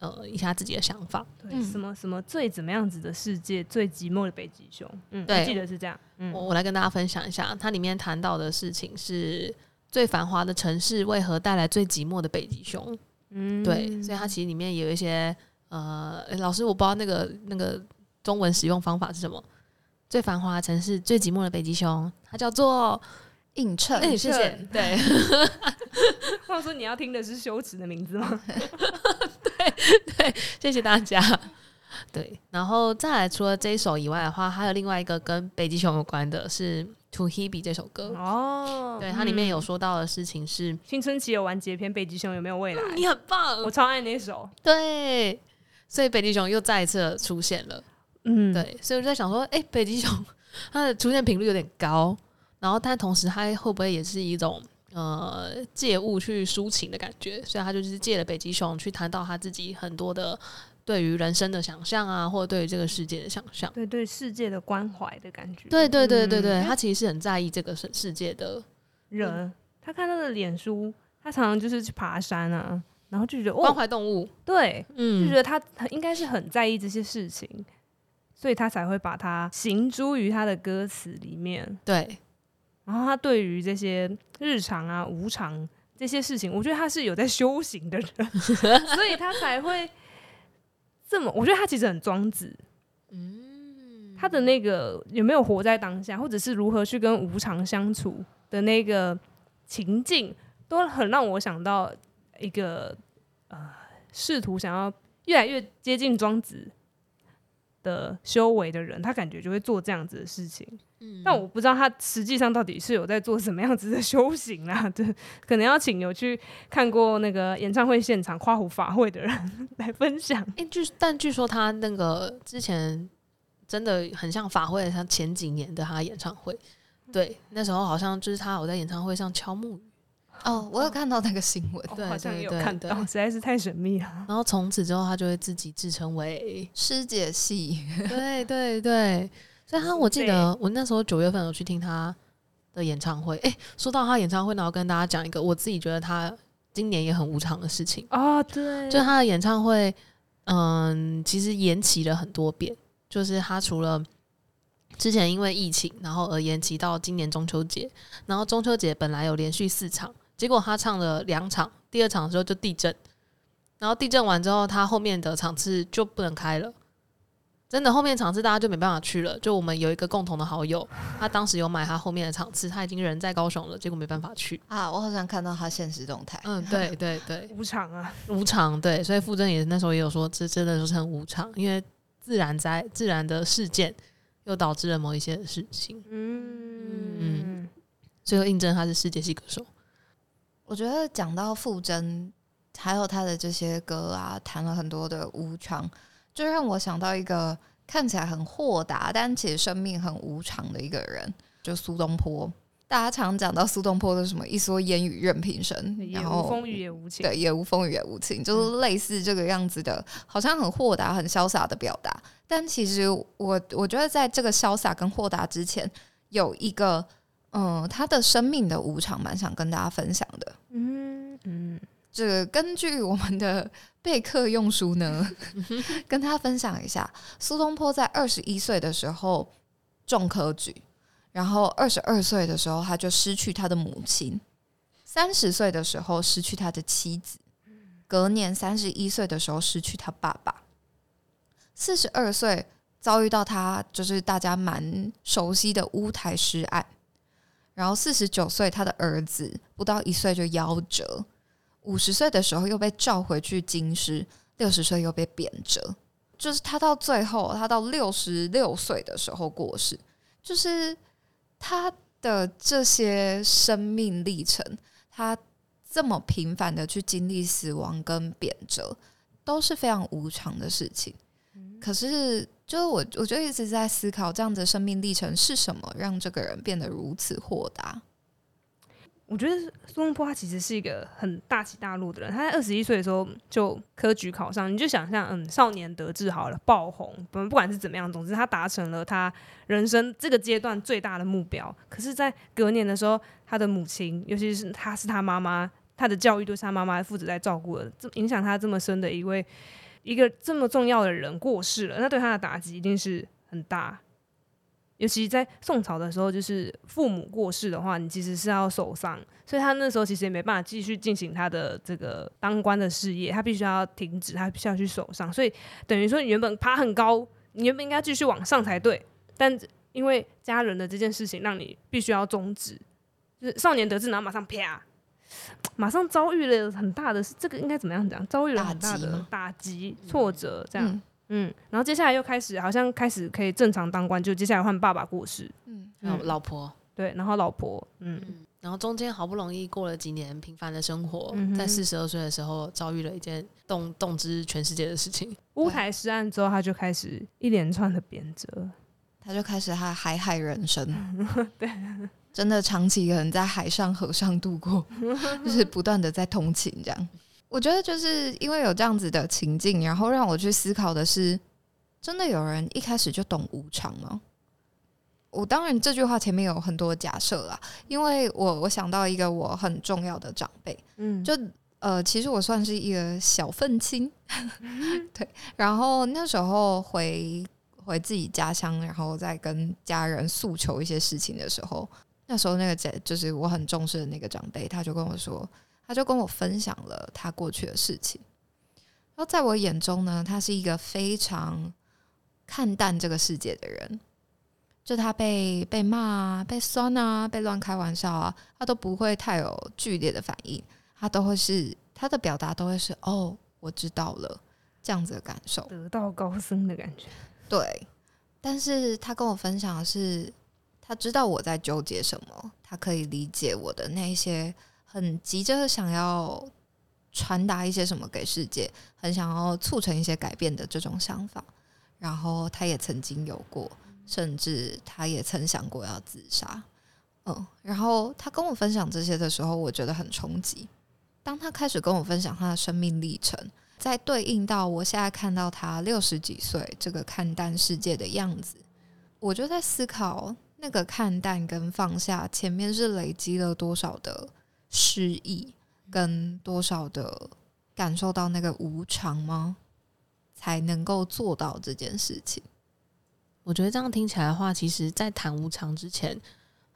呃，一下自己的想法，對，嗯、什麼什麼最怎麼樣子的世界，最寂寞的北極熊，嗯，我記得是這樣，對嗯，我我來跟大家分享一下，它裡面談到的事情是最繁華的城市為何帶來最寂寞的北極熊，嗯，對，所以它其實裡面也有一些，呃，欸、老師我不知道那個那個中文使用方法是什麼，最繁華的城市最寂寞的北極熊，它叫做。映襯，謝謝。撤撤對，話 說你要聽的是羞恥的名字嗎？ 對對，謝謝大家。對，然後再來除了這一首以外的話，還有另外一個跟北極熊有關的是《To Hebe》這首歌。哦，對，它裡面有說到的事情是、嗯、青春期有完結篇，北極熊有沒有未來？嗯、你很棒，我超愛那首。對，所以北極熊又再一次出現了。嗯，對，所以我就在想說，哎、欸，北極熊它的出現頻率有點高。然後，但同時，他會不會也是一種呃借物去抒情的感覺？所以，他就是借了北極熊去談到他自己很多的對於人生的想象啊，或者對於這個世界的想象，對對，對，對，對世界的關懷的感覺。對對對對對，嗯、他其實是很在意這個世世界的。人，他看他的臉書，他常常就是去爬山啊，然後就覺得、哦、關懷動物，對，就覺得他很應該是很在意這些事情，所以他才會把它行諸於他的歌詞裡面。對。然後他對於這些日常啊、無常這些事情，我覺得他是有在修行的人， 所以他才會這麼。我覺得他其實很莊子，嗯，他的那個有沒有活在當下，或者是如何去跟無常相處的那個情境，都很讓我想到一個呃，試圖想要越來越接近莊子的修為的人，他感覺就會做這樣子的事情。但我不知道他實際上到底是有在做什麼樣子的修行啊？對，可能要請有去看過那個演唱會現場跨湖法會的人來分享。據、欸、但據說他那個之前真的很像法會，像前幾年的他演唱會，對，那時候好像就是他有在演唱會上敲木魚。哦、oh，我有看到那個新聞，好像也有看到，實在是太神秘了。然後從此之後，他就會自己自稱為師姐系。 對對對。 所以，他，我記得我那時候九月份有去聽他的演唱會。誒對、欸，說到他演唱會呢，我跟大家講一個我自己覺得他今年也很無常的事情啊。Oh, 對，就他的演唱會，嗯，其實延期了很多遍。就是他除了之前因為疫情，然後而延期到今年中秋節，然後中秋節本來有連續四場，結果他唱了兩場，第二場的時候就地震，然後地震完之後，他後面的場次就不能開了。真的，後面的場次大家就沒辦法去了。就我們有一個共同的好友，他當時有買他後面的場次，他已經人在高雄了，結果沒辦法去啊！我好想看到他現實動態。嗯，對對對，對無常啊，無常。對，所以馥甄也那時候也有說，這真的就是很無常，因為自然災害、自然的事件又導致了某一些事情。嗯，嗯最後印證他是師姐系歌手。我覺得講到馥甄還有他的這些歌啊，談了很多的無常。就讓我想到一個看起來很豁達，但其實生命很無常的一個人，就蘇東坡。大家常講到蘇東坡的什麼一“一蓑煙雨任平生”，然後風雨也無晴，對，也無風雨也無晴，嗯、就是類似這個樣子的，好像很豁達、很瀟灑的表達。但其實我我覺得，在這個瀟灑跟豁達之前，有一個嗯、呃，他的生命的無常，蠻想跟大家分享的。嗯嗯。嗯這個根據我們的備課用書呢， 跟他分享一下：蘇東坡在二十一歲的時候中科舉，然後二十二歲的時候他就失去他的母親，三十歲的時候失去他的妻子，隔年三十一歲的時候失去他爸爸，四十二歲遭遇到他就是大家蠻熟悉的烏臺詩案，然後四十九歲他的兒子不到一歲就夭折。五十歲的時候又被召回去京師，六十歲又被貶謫，就是他到最後，他到六十六歲的時候過世，就是他的這些生命歷程，他這麼頻繁的去經歷死亡跟貶謫，都是非常無常的事情。可是，就是我，我就一直在思考，這樣子的生命歷程是什麼讓這個人變得如此豁達？我覺得蘇東坡他其實是一個很大起大落的人。他在二十一歲的時候就科舉考上，你就想象，嗯，少年得志好了，爆紅，不管，不管是怎麼樣，總之他達成了他人生這個階段最大的目標。可是，在隔年的時候，他的母親，尤其是他是他媽媽，他的教育都是他媽媽負責在照顧的，這影響他這麼深的一位，一個這麼重要的人過世了，那對他的打擊一定是很大。尤其在宋朝的時候，就是父母過世的話，你其實是要守喪，所以他那時候其實也沒辦法繼續進行他的這個當官的事業，他必須要停止，他必須要去守喪，所以等於說你原本爬很高，你原本應該繼續往上才對，但因為家人的這件事情，讓你必須要終止，就是少年得志，然後馬上啪，馬上遭遇了很大的，這個應該怎麼樣講，遭遇了很大的打擊、打擊挫折，這樣。嗯嗯。嗯，然後接下來又開始，好像開始可以正常當官，就接下來換爸爸過世，嗯，嗯，還有老婆，對，然後老婆，嗯，然後中間好不容易過了幾年平凡的生活，嗯、哼在四十二歲的時候遭遇了一件動動之全世界的事情——烏台詩案之後，他就開始一連串的貶謫，他就開始他海海人生，嗯、對，真的長期可能人在海上河上度過， 就是不斷的在通勤這樣。我覺得就是因為有這樣子的情境，然後讓我去思考的是，真的有人一開始就懂無常嗎？我當然這句話前面有很多假設啦。因為我我想到一個我很重要的長輩，嗯，就呃，其實我算是一個小憤青，嗯、 對。然後那時候回回自己家鄉，然後再跟家人訴求一些事情的時候，那時候那個姐就是我很重視的那個長輩，他就跟我說。他就跟我分享了他過去的事情，然後在我眼中呢，他是一個非常看淡這個世界的人。就他被被罵啊，被酸啊，被亂開玩笑啊，他都不會太有劇烈的反應，他都會是他的表達都會是“哦，我知道了”這樣子的感受，得道高僧的感覺。對，但是他跟我分享的是，他知道我在糾結什麼，他可以理解我的那些。很急着想要傳達一些什麼給世界，很想要促成一些改變的這種想法。然後他也曾經有過，甚至他也曾想過要自殺。嗯，然後他跟我分享這些的時候，我覺得很衝擊。當他開始跟我分享他的生命歷程，在對應到我現在看到他六十幾歲這個看淡世界的樣子，我就在思考那個看淡跟放下前面是累積了多少的。失意跟多少的感受到那個無常嗎？才能夠做到這件事情？我覺得這樣聽起來的話，其實在談無常之前，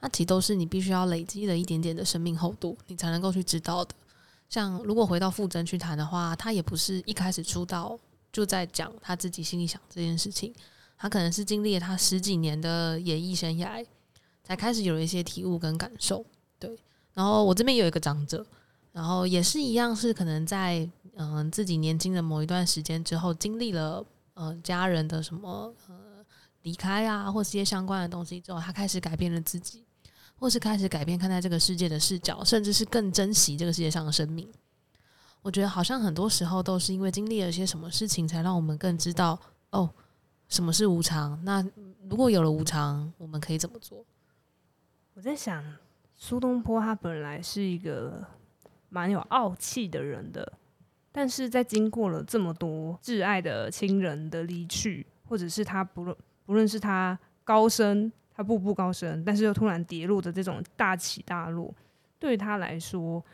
那其實都是你必須要累積了一點點的生命厚度，你才能夠去知道的。像如果回到馥甄去談的話，他也不是一開始出道就在講他自己心裡想這件事情，他可能是經歷了他十幾年的演藝生涯，才開始有一些體悟跟感受。對。然後我這邊有一個長者，然後也是一樣，是可能在嗯、呃、自己年輕的某一段時間之後，經歷了嗯、呃、家人的什麼呃離開啊，或是一些相關的東西之後，他開始改變了自己，或是開始改變看待這個世界的視角，甚至是更珍惜這個世界上的生命。我覺得好像很多時候都是因為經歷了些什麼事情，才讓我們更知道哦什麼是無常。那、嗯、如果有了無常，我們可以怎麼做？我在想。蘇東坡他本來是一個蠻有傲氣的人的，但是在經過了這麼多摯愛的親人的離去，或者是他不論不論是他高升，他步步高升，但是又突然跌落的這種大起大落，對於他來說，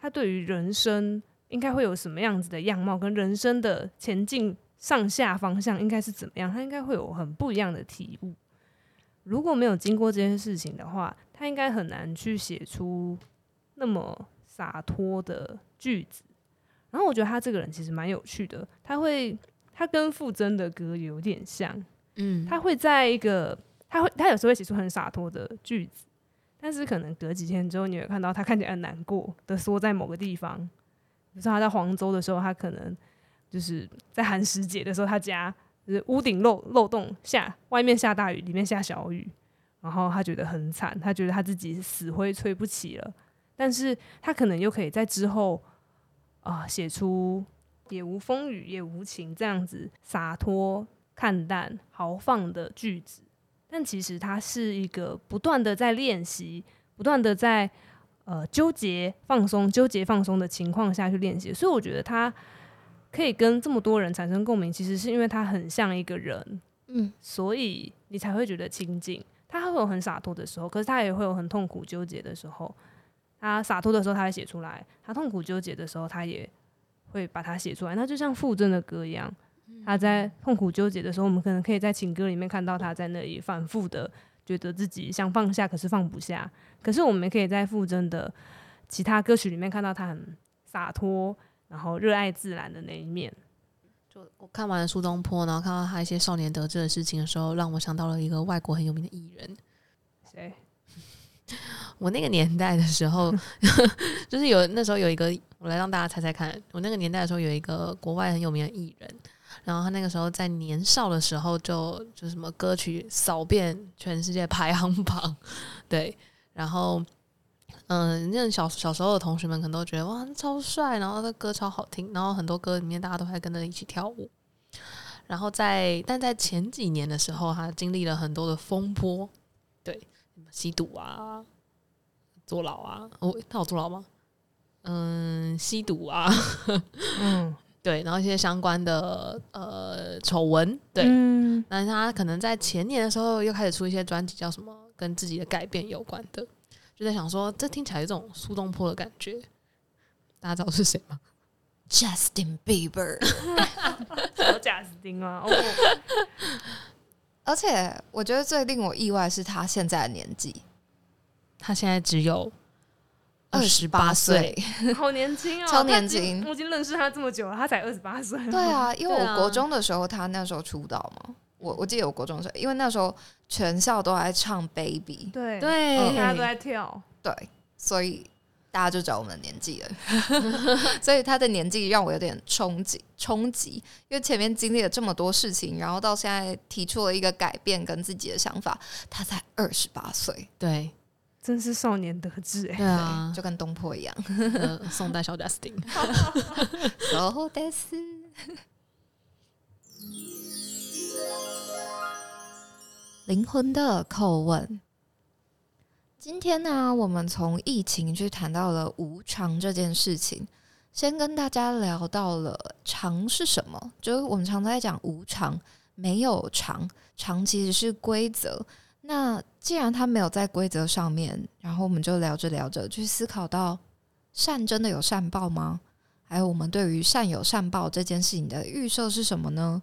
他對於人生應該會有什麼樣子的樣貌，跟人生的前進上下方向應該是怎麼樣？他應該會有很不一樣的體悟，如果沒有經過這件事情的話，他應該很難去寫出那麼灑脫的句子，然後我覺得他這個人其實蠻有趣的，他會他跟馥甄的歌有點像，嗯，他會在一個，他會他有時候會寫出很灑脫的句子，但是可能隔幾天之後你會看到他看起來很難過的縮在某個地方，比如說他在黃州的時候，他可能就是在寒食節的時候，他家屋頂漏漏洞下，外面下大雨，裡面下小雨。然後他覺得很慘，他覺得他自己是死灰吹不起了，但是他可能又可以在之後啊、呃、寫出也無風雨也無晴這樣子灑脫看淡豪放的句子。但其實他是一個不斷的在練習，不斷的在呃糾結放鬆糾結放鬆的情況下去練習。所以我覺得他可以跟這麼多人產生共鳴，其實是因為他很像一個人，嗯，所以你才會覺得親近。他會有很灑脫的時候，可是他也會有很痛苦糾結的時候。他灑脫的時候，他會寫出來；他痛苦糾結的時候，他也會把它寫出來。那就像馥甄的歌一樣，他在痛苦糾結的時候，我們可能可以在情歌裡面看到他在那裡反覆的覺得自己想放下，可是放不下。可是我們可以在馥甄的其他歌曲裡面看到他很灑脫，然後熱愛自然的那一面。就我看完蘇東坡，然後看到他一些少年得志的事情的時候，讓我想到了一個外國很有名的藝人，誰？我那個年代的時候， 就是有那時候有一個，我來讓大家猜猜看，我那個年代的時候有一個國外很有名的藝人，然後他那個時候在年少的時候就就什麼歌曲掃遍全世界排行榜，對，然後。嗯，那小小時候的同學們可能都覺得哇超帥，然後他的歌超好聽，然後很多歌裡面大家都還跟着一起跳舞。然後在但在前幾年的時候，他經歷了很多的風波，對，吸毒啊，坐牢啊，哦，他有坐牢嗎？嗯，吸毒啊， 嗯，對，然後一些相關的呃醜聞，對，那、嗯、他可能在前年的時候又開始出一些專輯，叫什麼跟自己的改變有關的。就在想說，這聽起來有種蘇東坡的感覺。大家知道是誰嗎？Justin Bieber，有 Justin 嗎、啊？ 而且我覺得最令我意外是他現在的年紀，他現在只有二十八歲，歲好年輕哦、喔，超年輕！我已經認識他這麼久了，他才二十八歲。對啊，因為我國中的時候、啊、他那時候出道嘛，我我記得我國中的時候，因為那時候。全校都在唱《Baby》，對對，嗯、大家都在跳，對，所以大家就知道我們的年紀了。 所以他的年紀讓我有點衝擊衝擊，因為前面經歷了這麼多事情，然後到現在提出了一個改變跟自己的想法，他才二十八歲，對，真是少年得志哎！對、啊、對就跟東坡一樣，宋、 呃、代小 Justin，靈魂的叩問。今天呢，啊，我們從疫情去談到了無常這件事情，先跟大家聊到了常是什麼，就是我們常常在講無常，沒有常，常其實是規則。那既然它沒有在規則上面，然後我們就聊着聊着，去思考到善真的有善報嗎？還有我們對於善有善報這件事情的預設是什麼呢？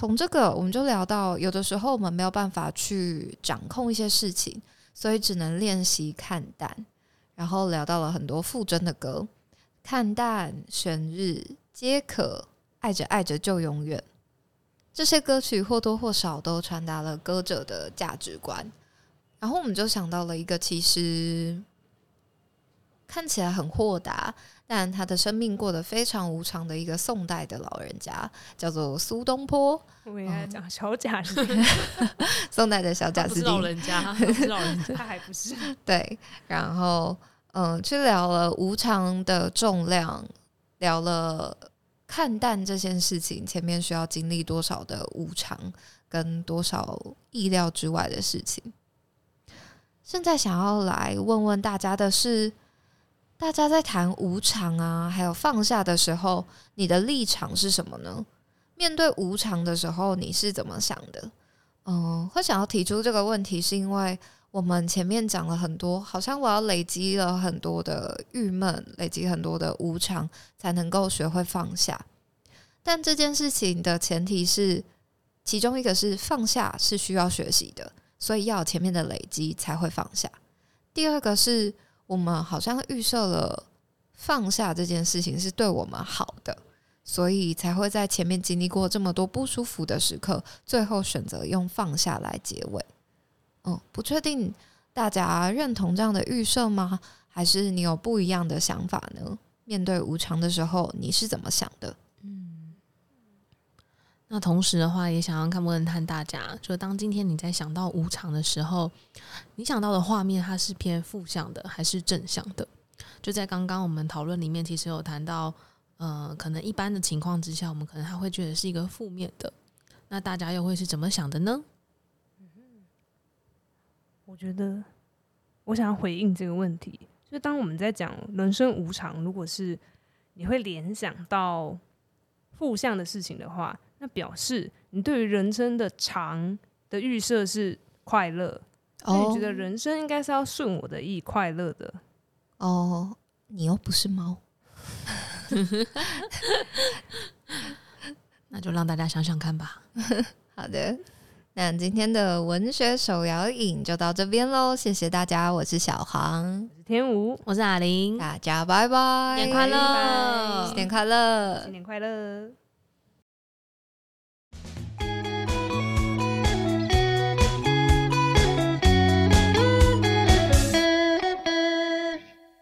從這個，我們就聊到有的時候我們沒有辦法去掌控一些事情，所以只能練習看淡。然後聊到了很多馥甄的歌，《看淡》《懸日》《皆可》《愛着愛着就永遠》這些歌曲或多或少都傳達了歌者的價值觀。然後我們就想到了一個，其實。看起來很豁達，但他的生命過得非常無常的一個宋代的老人家，叫做蘇東坡。我們講小賈斯汀 宋代的小賈斯汀。他不是老人家，他不是老人家，他還不是 對。然後嗯，去聊了無常的重量，聊了看淡這件事情，前面需要經歷多少的無常跟多少意料之外的事情。現在想要來問問大家的是。大家在談無常啊，還有放下的時候，你的立場是什麼呢？面對無常的時候，你是怎麼想的？嗯、呃，會想要提出這個問題，是因為我們前面講了很多，好像我要累積了很多的鬱悶，累積很多的無常，才能夠學會放下。但這件事情的前提是，其中一個是放下是需要學習的，所以要有前面的累積才會放下。第二個是。我們好像預設了放下這件事情是對我們好的，所以才會在前面經歷過這麼多不舒服的時刻，最後選擇用放下來結尾。嗯、哦，不確定大家認同這樣的預設嗎？還是你有不一樣的想法呢？面對無常的時候，你是怎麼想的？那同時的話，也想要看問看大家，就當今天你在想到無常的時候，你想到的畫面它是偏負向的，還是正向的？就在剛剛我們討論裡面，其實有談到，呃，可能一般的情況之下，我們可能還會覺得是一個負面的。那大家又會是怎麼想的呢？我覺得，我想要回應這個問題，就當我們在講人生無常，如果是你會聯想到負向的事情的話。那表示你對於人生的長的預設是快樂，哦、oh, 所以你覺得人生應該是要順我的意快樂的。哦，oh, 你又不是貓，那就讓大家想想看吧。 好的，那今天的文學手搖影就到這邊嘍，謝謝大家，我是小黃，我是天吳，我是阿岺，大家拜拜，新年快樂，拜拜，新年快樂，新年快樂。